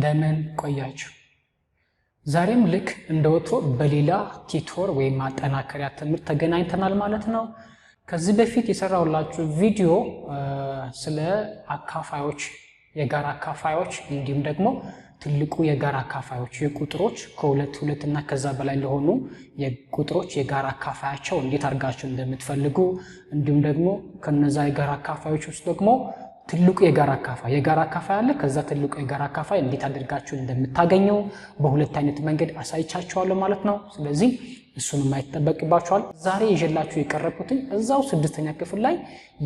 እንደምን ቆያችሁ? ዛሬም ልክ እንደ ወትሮ በሌላ ቲቶር ወይም ማጠናከሪያ ትምህርት ተገናኝተናል ማለት ነው። ከዚህ በፊት የሰራሁላችሁ ቪዲዮ ስለ አካፋዮች፣ የጋራ አካፋዮች እንዲሁም ደግሞ ትልቁ የጋራ አካፋዮች የቁጥሮች ከሁለት ሁለት እና ከዛ በላይ ለሆኑ የቁጥሮች የጋራ አካፋያቸው እንዴት አድርጋቸው እንደምትፈልጉ እንዲሁም ደግሞ ከነዛ የጋራ አካፋዮች ውስጥ ደግሞ ትልቁ የጋራ አካፋይ የጋራ አካፋይ አለ። ከዛ ትልቁ የጋራ አካፋይ እንዴት አድርጋችሁ እንደምታገኘው በሁለት አይነት መንገድ አሳይቻችኋለሁ ማለት ነው። ስለዚህ እሱን የማይጠበቅባችኋል። ዛሬ ይዤላችሁ የቀረብኩትኝ እዛው ስድስተኛ ክፍል ላይ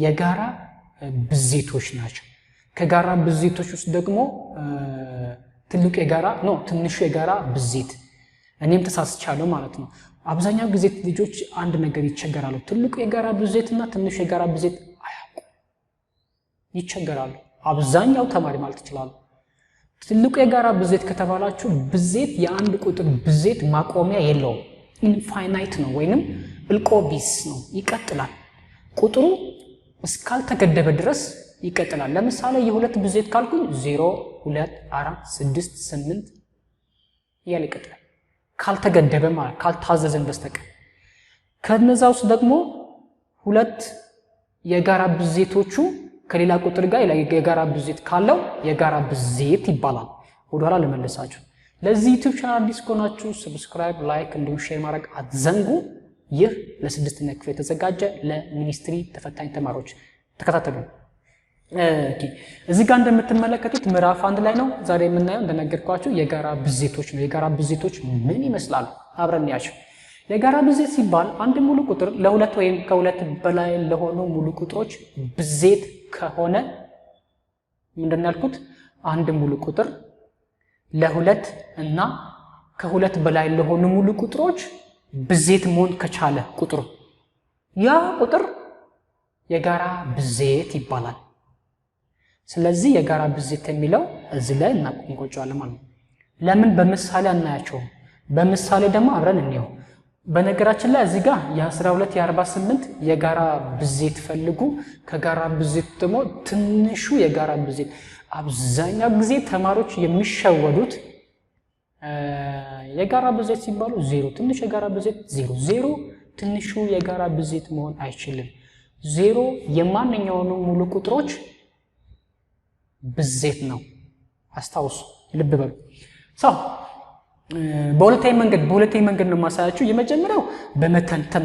የጋራ ብዜቶች ናቸው። ከጋራ ብዜቶች ውስጥ ደግሞ ትልቁ የጋራ ነው፣ ትንሹ የጋራ ብዜት። እኔም ተሳስቻለሁ ማለት ነው። አብዛኛው ጊዜ ልጆች አንድ ነገር ይቸገራሉ። ትልቁ የጋራ ብዜትና ትንሹ የጋራ ብዜት ይቸገራሉ። አብዛኛው ተማሪ ማለት ይችላሉ። ትልቁ የጋራ ብዜት ከተባላችሁ ብዜት የአንድ ቁጥር ብዜት ማቆሚያ የለውም። ኢንፋይናይት ነው ወይንም እልቆቢስ ነው፣ ይቀጥላል። ቁጥሩ እስካልተገደበ ድረስ ይቀጥላል። ለምሳሌ የሁለት ብዜት ካልኩኝ 0 2 4 6 8 እያለ ይቀጥላል። ካልተገደበ ማለት ካልታዘዘን በስተቀር ከነዛ ውስጥ ደግሞ ሁለት የጋራ ብዜቶቹ ከሌላ ቁጥር ጋር የጋራ ብዜት ካለው የጋራ ብዜት ይባላል። ወደኋላ ልመልሳችሁ። ለዚህ ዩቱብ ቻናል አዲስ ከሆናችሁ ሰብስክራይብ፣ ላይክ እንዲሁም ሼር ማድረግ አትዘንጉ። ይህ ለስድስተኛ ክፍል የተዘጋጀ ለሚኒስትሪ ተፈታኝ ተማሪዎች ተከታተሉ። እዚህ ጋር እንደምትመለከቱት ምዕራፍ አንድ ላይ ነው ዛሬ የምናየው። እንደነገርኳቸው የጋራ ብዜቶች ነው። የጋራ ብዜቶች ምን ይመስላሉ? አብረን ያቸው። የጋራ ብዜት ሲባል አንድ ሙሉ ቁጥር ለሁለት ወይም ከሁለት በላይ ለሆኑ ሙሉ ቁጥሮች ብዜት ከሆነ ምንድን ያልኩት አንድ ሙሉ ቁጥር ለሁለት እና ከሁለት በላይ ለሆኑ ሙሉ ቁጥሮች ብዜት መሆን ከቻለ ቁጥሩ ያ ቁጥር የጋራ ብዜት ይባላል። ስለዚህ የጋራ ብዜት የሚለው እዚህ ላይ እናቆጨዋለን ማለት ነው። ለምን በምሳሌ አናያቸውም? በምሳሌ ደግሞ አብረን እንየው። በነገራችን ላይ እዚህ ጋር የ12 የ48 የጋራ ብዜት ፈልጉ። ከጋራ ብዜት ደግሞ ትንሹ የጋራ ብዜት አብዛኛው ጊዜ ተማሪዎች የሚሸወዱት የጋራ ብዜት ሲባሉ ዜሮ ትንሽ የጋራ ብዜት ዜሮ ዜሮ ትንሹ የጋራ ብዜት መሆን አይችልም። ዜሮ የማንኛውንም ሙሉ ቁጥሮች ብዜት ነው። አስታውሱ፣ ልብ በሉ ሰው በሁለተኛ መንገድ በሁለተኛ መንገድ ነው የማሳያችሁ። የመጀመሪያው በመተንተም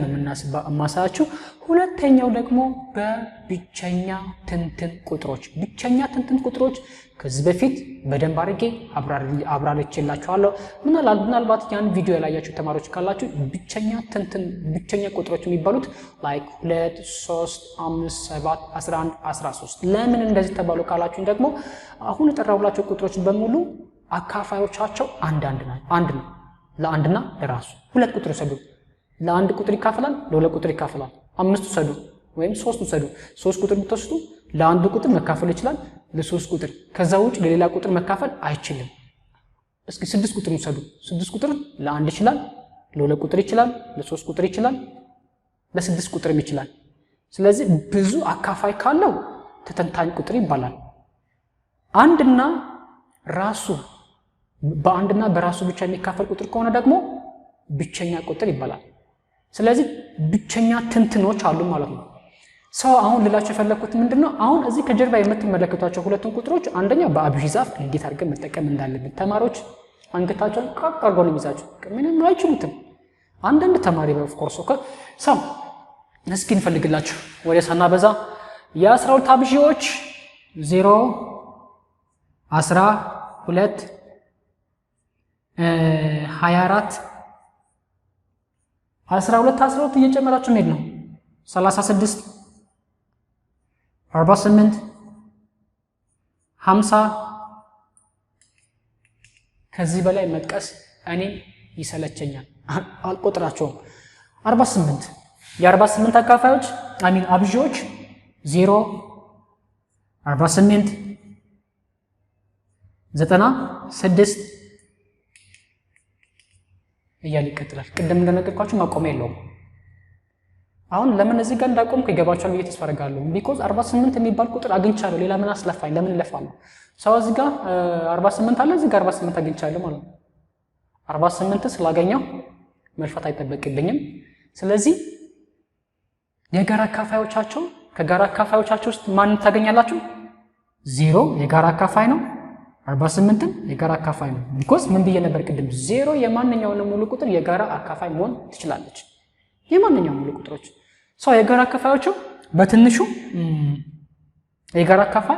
የማሳያችሁ፣ ሁለተኛው ደግሞ በብቸኛ ትንትን ቁጥሮች። ብቸኛ ትንትን ቁጥሮች ከዚህ በፊት በደንብ አድርጌ አብራርቼላችኋለሁ። ምናልባት ያን ቪዲዮ ያላያችሁ ተማሪዎች ካላችሁ ብቸኛ ትንትን ብቸኛ ቁጥሮች የሚባሉት ላይክ ሁለት፣ ሶስት፣ አምስት፣ ሰባት፣ አስራ አንድ፣ አስራ ሶስት ለምን እንደዚህ ተባሉ ካላችሁኝ ደግሞ አሁን የጠራሁላቸው ቁጥሮች በሙሉ አካፋዮቻቸው አንዳንድ አንድ ነው። ለአንድና ለራሱ ሁለት ቁጥር ውሰዱ። ለአንድ ቁጥር ይካፈላል፣ ለሁለት ቁጥር ይካፈላል። አምስት ውሰዱ ወይም ሶስት ውሰዱ። ሶስት ቁጥር ብትወስዱ ለአንዱ ቁጥር መካፈል ይችላል፣ ለሶስት ቁጥር። ከዛ ውጭ ለሌላ ቁጥር መካፈል አይችልም። እስኪ ስድስት ቁጥር ውሰዱ። ስድስት ቁጥር ለአንድ ይችላል፣ ለሁለት ቁጥር ይችላል፣ ለሶስት ቁጥር ይችላል፣ ለስድስት ቁጥርም ይችላል። ስለዚህ ብዙ አካፋይ ካለው ተተንታኝ ቁጥር ይባላል። አንድና ራሱ በአንድና በራሱ ብቻ የሚካፈል ቁጥር ከሆነ ደግሞ ብቸኛ ቁጥር ይባላል። ስለዚህ ብቸኛ ትንትኖች አሉ ማለት ነው። ሰው አሁን ልላቸው የፈለግኩት ምንድን ነው? አሁን እዚህ ከጀርባ የምትመለከቷቸው ሁለቱን ቁጥሮች አንደኛ በአብዢ ዛፍ እንዴት አድርገን መጠቀም እንዳለብን ተማሪዎች አንገታቸውን ቀቅ አድርገው ነው የሚይዛቸው። ምንም አይችሉትም። አንዳንድ ተማሪ ኦፍኮርስ ሰም እስኪ እንፈልግላቸው ወደ ሳናበዛ የአስራ ሁለት አብዢዎች ዜሮ አስራ ሁለት 24 12 12 እየጨመራችሁ መሄድ ነው። 36 48 50 ከዚህ በላይ መጥቀስ እኔ ይሰለቸኛል፣ አልቆጥራቸውም። 48 የ48 አካፋዮች አሚን አብዢዎች 0 48 96 እያለ ይቀጥላል። ቅድም እንደነገርኳችሁ ማቆሚያ የለውም። አሁን ለምን እዚህ ጋር እንዳቆምኩ ይገባቸዋል ብዬ ተስፋ አደርጋለሁ። ቢኮዝ 48 የሚባል ቁጥር አግኝቻለሁ። ሌላ ምን አስለፋኝ? ለምን እለፋለሁ? ሰው እዚህ ጋር 48 አለ፣ እዚህ ጋር 48 አግኝቻለሁ ማለት ነው። 48 ስላገኘው መልፋት አይጠበቅብኝም። ስለዚህ የጋራ አካፋዮቻቸው ከጋራ አካፋዮቻቸው ውስጥ ማን ታገኛላችሁ? ዜሮ የጋራ አካፋይ ነው። 48ም የጋራ አካፋይ ነው። ቢኮዝ ምን ብዬ ነበር ቅድም? ዜሮ የማንኛውንም ሙሉ ቁጥር የጋራ አካፋይ መሆን ትችላለች። የማንኛውም ሙሉ ቁጥሮች የጋራ አካፋዮቹ በትንሹ የጋራ አካፋይ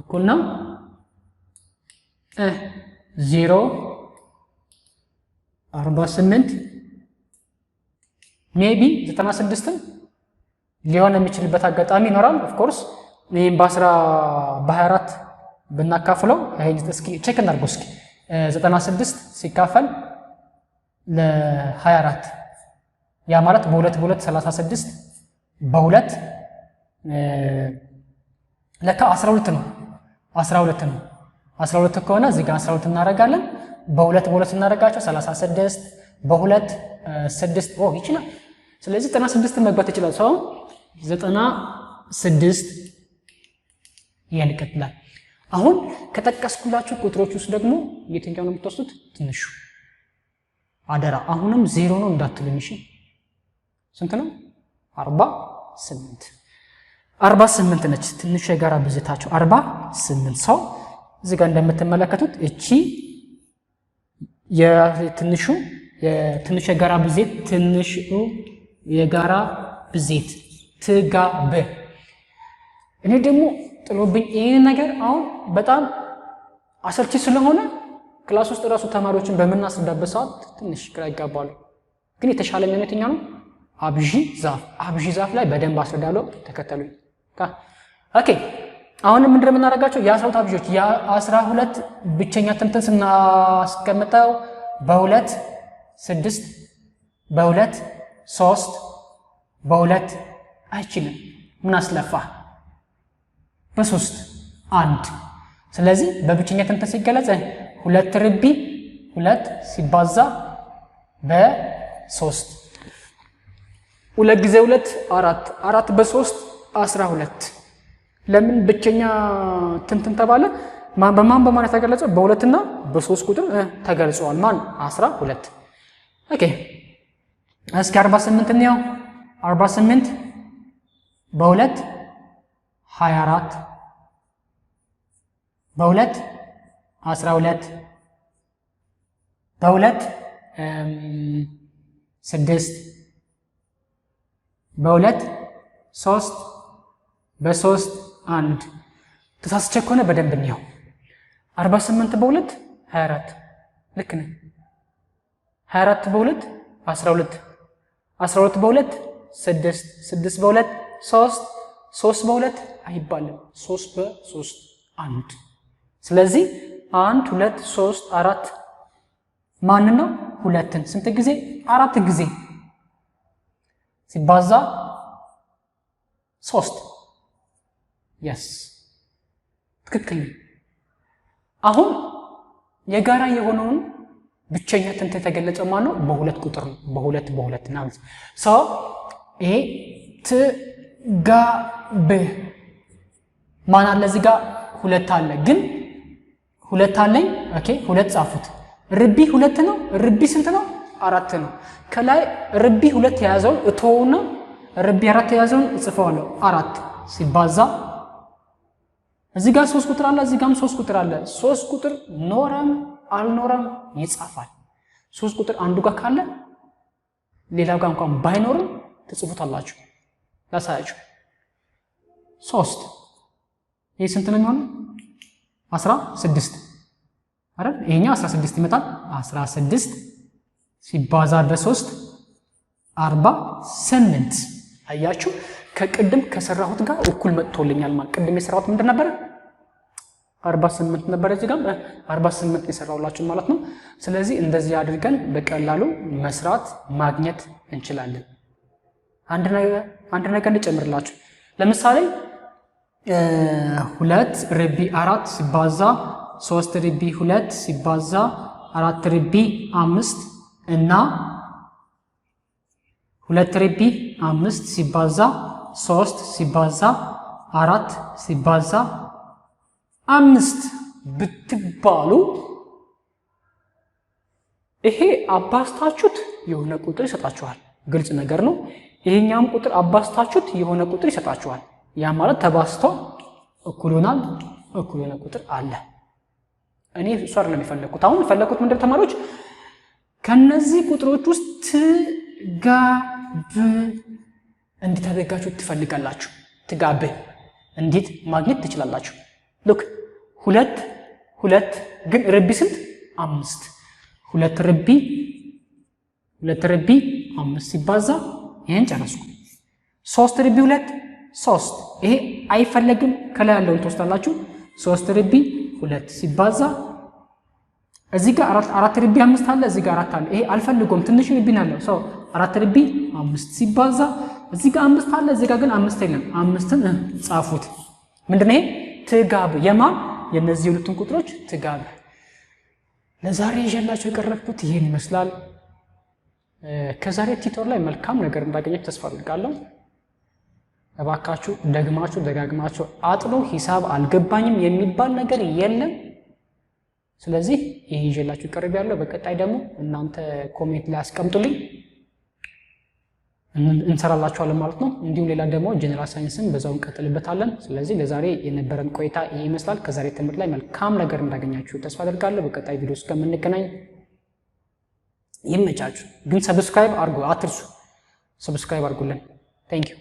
እኩል ነው ዜሮ 48 ሜቢ 96 ሊሆን የሚችልበት አጋጣሚ ይኖራል። ኦፍኮርስ ይህም በ24 ብናካፍለው ይሄን እስኪ ቼክ እናድርገው እስኪ 96 ሲካፈል ለ24 ያ ማለት በ2 36 በ2 ለካ 12 ነው 12 ነው 12 ከሆነ እዚህ ጋር 12 እናደርጋለን። በ2 እናደርጋቸው 36 በ2 6 ኦ ይችላል። ስለዚህ 96 መግባት ይችላል ሰው 96 ይሄን ይቀጥላል። አሁን ከጠቀስኩላችሁ ቁጥሮች ውስጥ ደግሞ የትኛው ነው የምትወስዱት? ትንሹ አደራ። አሁንም ዜሮ ነው እንዳትሉኝ እሺ። ስንት ነው? አርባ ስምንት አርባ ስምንት ነች ትንሹ የጋራ ብዜታቸው አርባ ስምንት ሰው እዚህ ጋር እንደምትመለከቱት እቺ የትንሹ የትንሹ የጋራ ብዜት ትንሹ የጋራ ብዜት ትጋብ እኔ ደግሞ ጥሎብኝ ይህን ነገር አሁን በጣም አሰልቺ ስለሆነ ክላስ ውስጥ ራሱ ተማሪዎችን በምናስረዳበት ሰዓት ትንሽ ግራ ይጋባሉ። ግን የተሻለ የሚሆነው የትኛው ነው? አብዢ ዛፍ አብዢ ዛፍ ላይ በደንብ አስረዳለሁ። ተከተሉኝ። ኦኬ አሁንም ምንድን የምናደርጋቸው የአስራ ሁለት አብዢዎች የአስራ ሁለት ብቸኛ ትንትን ስናስቀምጠው በሁለት ስድስት በሁለት ሶስት በሁለት አይችልም ምን አስለፋ በሶስት አንድ። ስለዚህ በብቸኛ ተንተ ሲገለጽ ሁለት ርቢ ሁለት ሲባዛ በሶስት ሁለት ጊዜ ሁለት አራት አራት በሶስት አስራ ሁለት ለምን ብቸኛ ትንትን ተባለ? በማን በማን ተገለጸ? በሁለትና በሶስት ቁጥር ተገልጸዋል። ማን አስራ ሁለት ኦኬ። እስኪ አርባ ስምንት እንየው። አርባ ስምንት በሁለት 24 በሁለት 12 በሁለት ስድስት በሁለት ሶስት በሶስት አንድ ተሳስቼ ከሆነ በደንብ እንየው። 48 በሁለት 24 ልክ ነኝ። 24 በሁለት 12 12 በሁለት ስድስት ስድስት በሁለት ሶስት ሶስት በሁለት አይባልም። ሶስት በሶስት አንድ። ስለዚህ አንድ ሁለት ሶስት አራት ማን ነው? ሁለትን ስንት ጊዜ? አራት ጊዜ ሲባዛ ሶስት። የስ ትክክል። አሁን የጋራ የሆነውን ብቸኛ ጥንት የተገለጸ ማለት ነው በሁለት ቁጥር ነው። በሁለት በሁለት ናምስ ሰው ጋ ትጋብህ ማን አለ እዚህ ጋር ሁለት አለ ግን ሁለት አለኝ ኦኬ ሁለት ጻፉት ርቢ ሁለት ነው ርቢ ስንት ነው አራት ነው ከላይ ርቢ ሁለት የያዘውን እቶውና ርቢ አራት የያዘውን እጽፈዋለሁ አራት ሲባዛ እዚህ ጋር ሶስት ቁጥር አለ እዚህ ጋርም ሶስት ቁጥር አለ ሶስት ቁጥር ኖረም አልኖረም ይጻፋል ሶስት ቁጥር አንዱ ጋር ካለ ሌላው ጋር እንኳን ባይኖርም ትጽፉታላችሁ ላሳያችሁ ሶስት ይህ ስንት ነው የሚሆነው? 16 ስድስት አይደል? ይሄኛው 16 ስድስት ይመጣል። 16 ስድስት ሲባዛ በሶስት አርባ ስምንት አያችሁ። ከቅድም ከሰራሁት ጋር እኩል መጥቶልኛል ማለት ቅድም የሰራሁት ምንድን ነበረ? 48 ስምንት ነበረ። እዚህ ጋር 48 የሰራሁላችሁ ማለት ነው። ስለዚህ እንደዚህ አድርገን በቀላሉ መስራት ማግኘት እንችላለን። አንድ ነገር ልጨምርላችሁ። ለምሳሌ ሁለት ርቢ አራት ሲባዛ ሶስት ርቢ ሁለት ሲባዛ አራት ርቢ አምስት እና ሁለት ርቢ አምስት ሲባዛ ሶስት ሲባዛ አራት ሲባዛ አምስት ብትባሉ ይሄ አባስታችሁት የሆነ ቁጥር ይሰጣችኋል። ግልጽ ነገር ነው። ይሄኛም ቁጥር አባስታችሁት የሆነ ቁጥር ይሰጣችኋል። ያ ማለት ተባስቶ እኩል ይሆናል እኩል የሆነ ቁጥር አለ። እኔ እሱ አይደለም የፈለግኩት። አሁን የፈለግኩት ምንድን ተማሪዎች ከነዚህ ቁጥሮች ውስጥ ትጋብ እንዲታደጋችሁ ትፈልጋላችሁ። ትጋብ እንዴት ማግኘት ትችላላችሁ? ልክ ሁለት ሁለት ግን ርቢ ስንት አምስት ሁለት ርቢ ሁለት ርቢ አምስት ሲባዛ ይህን ጨረስኩ። ሶስት ርቢ ሁለት ሶስት ይሄ አይፈለግም። ከላይ ያለውን ትወስዳላችሁ። ሶስት ርቢ ሁለት ሲባዛ እዚ ጋ አራት ርቢ አምስት አለ፣ እዚ ጋ አራት አለ። ይሄ አልፈልጎም፣ ትንሽ ርቢ ነው ሰው አራት ርቢ አምስት ሲባዛ እዚ ጋ አምስት አለ፣ እዚ ጋ ግን አምስት የለም። አምስትን ጻፉት። ምንድን ይሄ ትጋብ የማን የነዚህ የሁለቱን ቁጥሮች ትጋብ። ለዛሬ ይዤላችሁ የቀረብኩት ይህን ይመስላል። ከዛሬ ቲቶር ላይ መልካም ነገር እንዳገኘች ተስፋ አድርጋለሁ። እባካችሁ ደግማችሁ ደጋግማችሁ አጥኑ። ሂሳብ አልገባኝም የሚባል ነገር የለም። ስለዚህ ይህ ይዤላችሁ ቀርብ ያለው በቀጣይ ደግሞ እናንተ ኮሜንት ላይ አስቀምጡልኝ እንሰራላችኋለን ማለት ነው። እንዲሁም ሌላ ደግሞ ጀኔራል ሳይንስን በዛው እንቀጥልበታለን። ስለዚህ ለዛሬ የነበረን ቆይታ ይህ ይመስላል። ከዛሬ ትምህርት ላይ መልካም ነገር እንዳገኛችሁ ተስፋ አደርጋለሁ። በቀጣይ ቪዲዮ እስከምንገናኝ ይመቻችሁ። ግን ሰብስክራይብ አርጉ፣ አትርሱ። ሰብስክራይብ አድርጉልን። ታንኪዩ